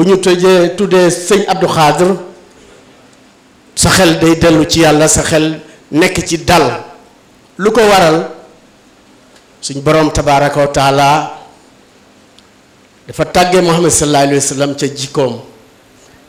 bu ñu tëjee tuddee sëñ Abdou Khadr sa xel day dellu ci yàlla sa xel nekk ci dal lu ko waral suñ boroom tabaaraka wa dafa tàggee Muhammad sallallahu alayhi wa sallam ca jikkoom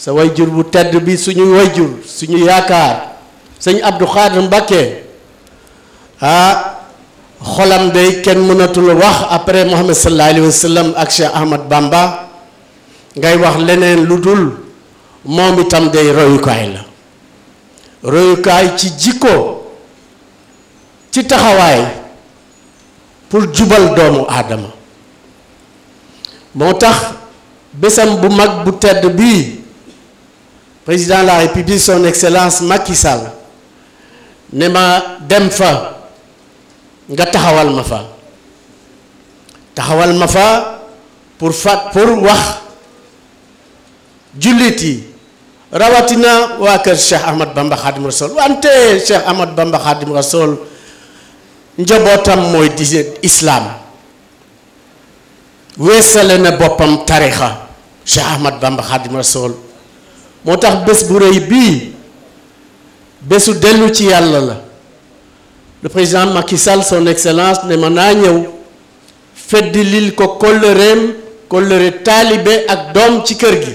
sa way jur bu tedd bi suñu way jur suñu yaakaar sëñ Abdou Khadr Mbacké ah xolam day kenn mënatul wax après Muhammad sallallahu alayhi wa sallam ak Cheikh Ahmad Bamba ngay wax leneen lu dul moom itam day royukaay la royukaay ci jikko ci taxawaay pour jubal doomu aadama moo tax bésam bu mag bu tedd bii président de la république son excellence Macky Sall ne ma dem fa nga taxawal ma fa taxawal ma fa pour fat pour wax jullit yi rawatina waa kër Cheikh Ahmad Bamba Khadim Rasoul wante Cheikh Ahmad Bamba Khadim Rasoul njabootam mooy di islaam weesale na boppam tarixa Cheikh Ahmad Bamba Khadim Rasoul moo tax bés bu rëy bii bésu dellu ci yàlla la le président Macky Sall son excellence ne ma naa ñëw fedd lil ko kóllëreem kóllëre taalibe ak doom ci kër gi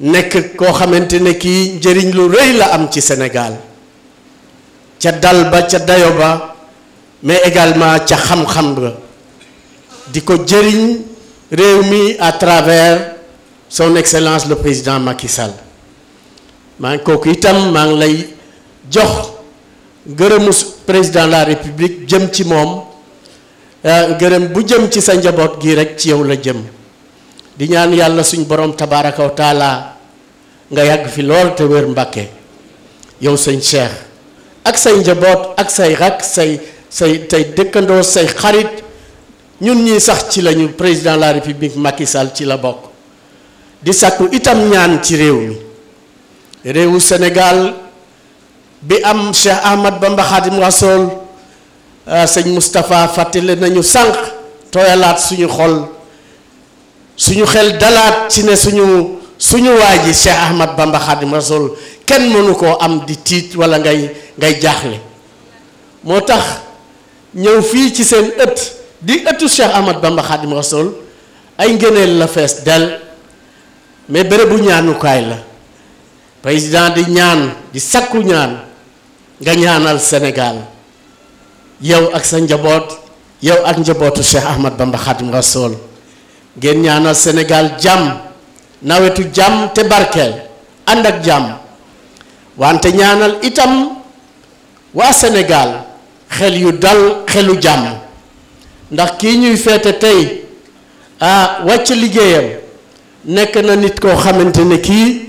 nek ko xamantene ki kii njëriñ lu Chadalba la am ci senegal ca dal ba ca dayo ba mais également ca xam-xam ba diko à travers son excellence le président Macky Sall maa ko kooku itam maa lay jox président de la république jëm ci moom euh, gërëm bu jëm ci sa gi rek ci yow la jëm di ñaan yàlla suñ borom tabaraka wa taala nga yàgg fi lool te wér mbàkke yow sëñ Cheikh ak say njaboot ak say rak say say tey dëkkandoo say xarit ñun ñii sax ci lañu président la république Macky Sall ci la bokk di sàkku itam ñaan ci réew mi réewu Sénégal bi am Cheikh Ahmad Bamba Khadim Rassoul euh, sëñ Moustapha fàttali nañu sànq tooyalaat suñu xol suñu xel dalat ci ne suñu suñu waji Cheikh Ahmad Bamba Khadim Rasoul kenn mënu ko am di tit wala ngay ngay jaxlé motax ñew fi ci sen eut di ëttu Cheikh Ahmad Bamba Khadim Rasoul ay ngeenel la fess del mais ñaanu kay la président di ñaan di sakku ñaan nga ñaanal Sénégal yow ak sa njabot yow ak njabotu Cheikh Ahmad Bamba Khadim Rasoul ngeen ñaanal senegaal jàmm nawetu jàmm te barkeel ànd ak jàmm wante ñaanal itam waa Sénégal xel yu dal xelu jàmm ndax kii ñuy feete tey ah wàcc liggéeyam nekk na nit koo xamante ne kii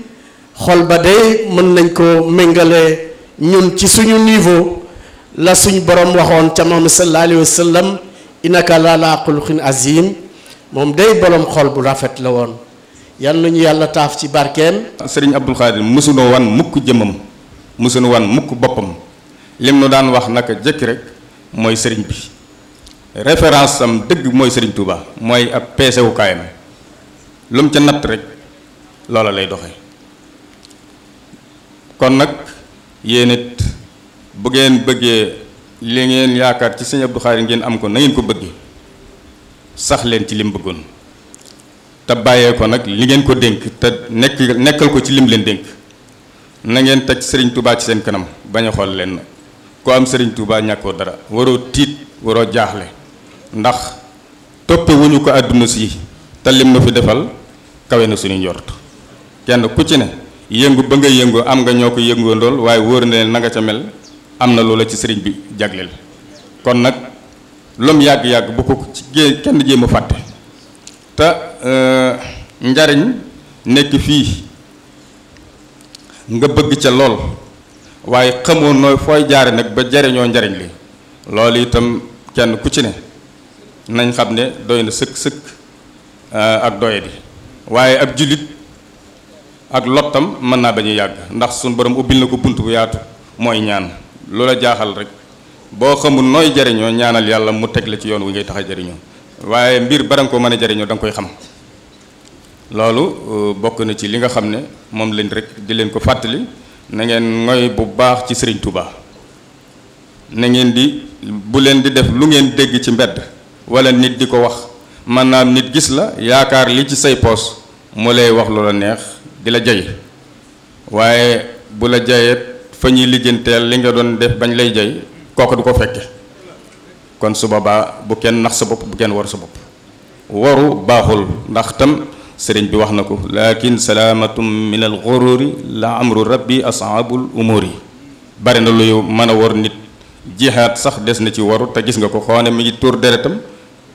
xol ba day mën nañ ko méngale ñun ci suñu niveau la suñ borom waxoon ca moom sallallahu alayhi wa sallam innaka la laa xuluqin azim moom day borom xol bu rafet la woon yal nañu yàlla taaf ci barkeem. sëriñ Abdou Khadir mësuñu wan mukk jëmmam mësuñu wan mukk boppam lim nu daan wax naka jëkk rek mooy sëriñ bi référence am dëgg mooy sëriñ Touba mooy ab peesewukaayam lum mu ca natt rek loola lay doxe kon nag yéen it bu ngeen bëggee li ngeen yaakaar ci sëriñ Abdou Khadir ngeen am ko na ngeen ko bëggee. sax leen ci lim bëggoon te bàyyee ko nag li ngeen ko dénk te nekk nekkal ko ci lim leen dénk na ngeen teg sëriñ Touba ci seen kanam bañ xool leen ku am sëriñ Touba ñàkkoo dara waroo tiit waroo jaaxle ndax toppe wuñu ko àdduna si te lim na fi defal kawe na suñu njort kenn ku ci ne yëngu ba nga yëngu am nga ñoo ko yëngoo ndool waaye wóor na leen na ca mel am na loola ci sëriñ bi jagleel kon nag lom yàgg-yàgg bu ko ci gé kenn jéem a fàtte te euh, njariñ nekk fii nga bëgg ca lool waaye xamoo nooy fooy jaare nag ba jariñoo njariñ li loolu itam kenn ku ci ne nañ xam ne doy na sëkk sëkk euh, ak doye di waaye ab jullit ak lottam mën naa bañu yàgg ndax suñu borom ubbil na ko bunt bu yaatu mooy ñaan loola jaaxal rek boo xamul nooy jariñoo ñaanal yàlla mu teg la ci yoon wi ngay tax a jariñoo waaye mbir ba danga ko mën a jariñoo danga koy xam loolu euh, bokk na ci li nga xam ne moom lañ rek di leen ko fàttali nangeen ngeen bu baax ci sëriñ Touba na ngeen di bu leen di def lu ngeen dégg ci mbedd walla nit di ko wax maanaam nit gis la yaakaar li ci say poos mu lay wax lu la neex di la jay waaye bu la jayet fa ñuy lijjanteel li nga doon def bañ lay jay kooku du ko fekke kon su boobaa bu kenn nax sa bopp bu kenn war sa bopp waru baaxul ndax tam sëriñ bi wax na ko lakin salaamatum min al xururi la amru rabbi asaabul umuri bari na luy mën a war nit jihaat sax des na ci waru te gis nga ko xoo ne mi ngi tuur deretam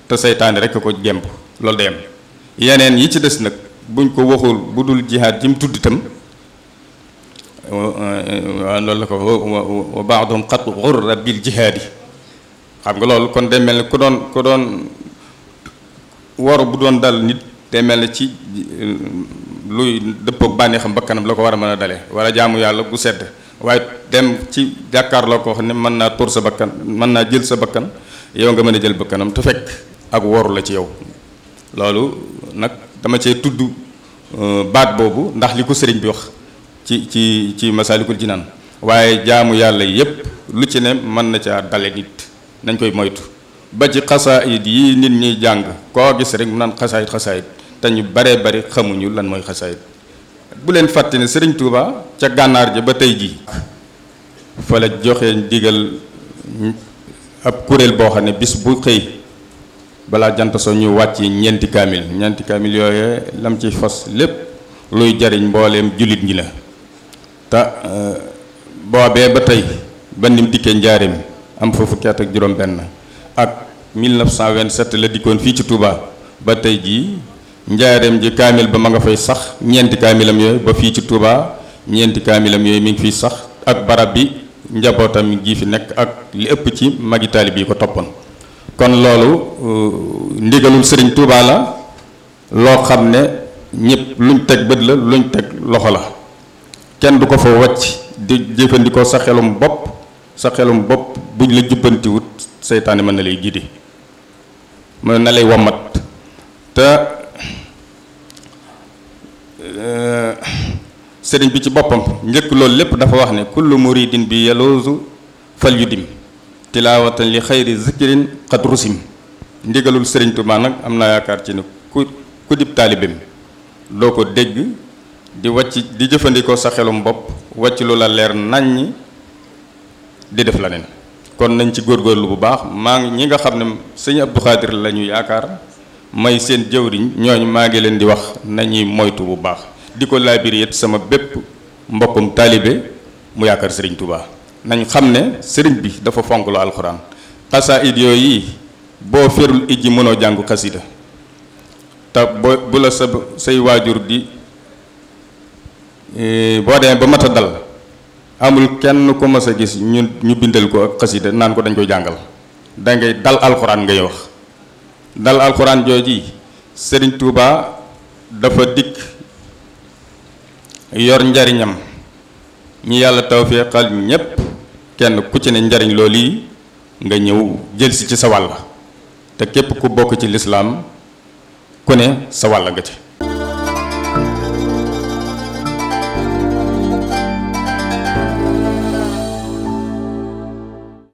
te seytaane rekk ko gemb loolu day am yeneen yi ci des nag buñ ko waxul bu dul jihaat ji mu tudd itam loolu la ko wa baaduhum qad ghurra bil jihad. xam nga loolu kon day mel ni ku doon ku doon waru bu doon dal nit day mel ni ci luy dëppoog bànneexam bakkanam la ko war a mën a dalee wala jaamu yàlla gu sedd waaye dem ci jàkkaarloo ko xam ne mën naa tóor sa bakkan mën naa jël sa bakkan yow nga mën a jël bakkanam te fekk ak woru la ci yow loolu nag dama cee tudd euh, baat boobu ndax li ko bi wax ci ci ci masaalikul jinaan waaye jaamu yàlla yépp lu ci ne mën na caa dale nit nañ koy moytu ba ci xasaayit yi nit ñuy jàng koo gis rek mu naan xasaayit xasaayit te ñu baree bari xamuñu lan mooy xasaayit bu leen fàtte ne sëriñ Touba ca gànnaar ji ba tey ji fa la joxe ndigal ab kuréel boo xam ne bis bu xëy balaa jant soo ñu wàcc ñeenti kaamil ñeenti kaamil yooye lam ci fos lépp luy jariñ mbooleem jullit ñi la te eh, boobee ba tey ba nim dikkee njaareem am fa fukki at ak juróom-benn ak 1927 la dikkoon fii ci Touba ba tey jii njaareem ji kaamil ba ma nga fay sax ñeenti kaamilam yooyu ba fii ci Touba ñeenti kaamilam yooyu mi ngi fiy sax ak barab bi njabootam gi fi nekk ak li ëpp ci magi taalib yi ko toppoon. kon loolu eh, ndigalul sëriñ Touba la loo xam ne ñëpp luñ teg bët la luñ teg loxo la. kenn du ko fa wàcc di jëfandikoo sa xelum bopp sa xelum bopp buñ la jubbantiwut seytaane mën na lay gidi mën na lay wammat te euh, sëriñ bi ci boppam njëkk loolu lépp dafa wax ne kullu muridin bi yaloosu fal yu dim tilaawatan li xayri zikirin xat rusim ndigalul sëriñ Tuubaa nag am naa yaakaar ci ne ku ku dib taalibeem doo ko dégg di wacc di jëfëndiko sa xelum bop wacc lu la leer di def lanen kon nañ ci lu bu baax ma ngi nga xamne seigne Abdou Khadir lañu yaakar may seen jëwriñ ma ngi leen di wax nañuy moytu bu baax diko labir laabir sama bépp mbokum talibé mu yaakar seigne Touba nañ xamne seigne bi dafa fonk lu alxuraan xasaayid yooyu bo ferul iji mëno jang qasida ta bu la sa say di Eh, bo demee ba mata dal amul kenn ku ma sa gis ñu ñu bindal ko ak xasida naan ko dañ koy jangal da ngay dal alquran ngay wax dal alquran joji serigne touba dafa dik yor njariñam ñi yalla tawfiqal ñep kenn ku ci ne njariñ loli nga ñew jël ci ci sa wàll te kep ku bok ci l'islam ku ne sa wàll nga ci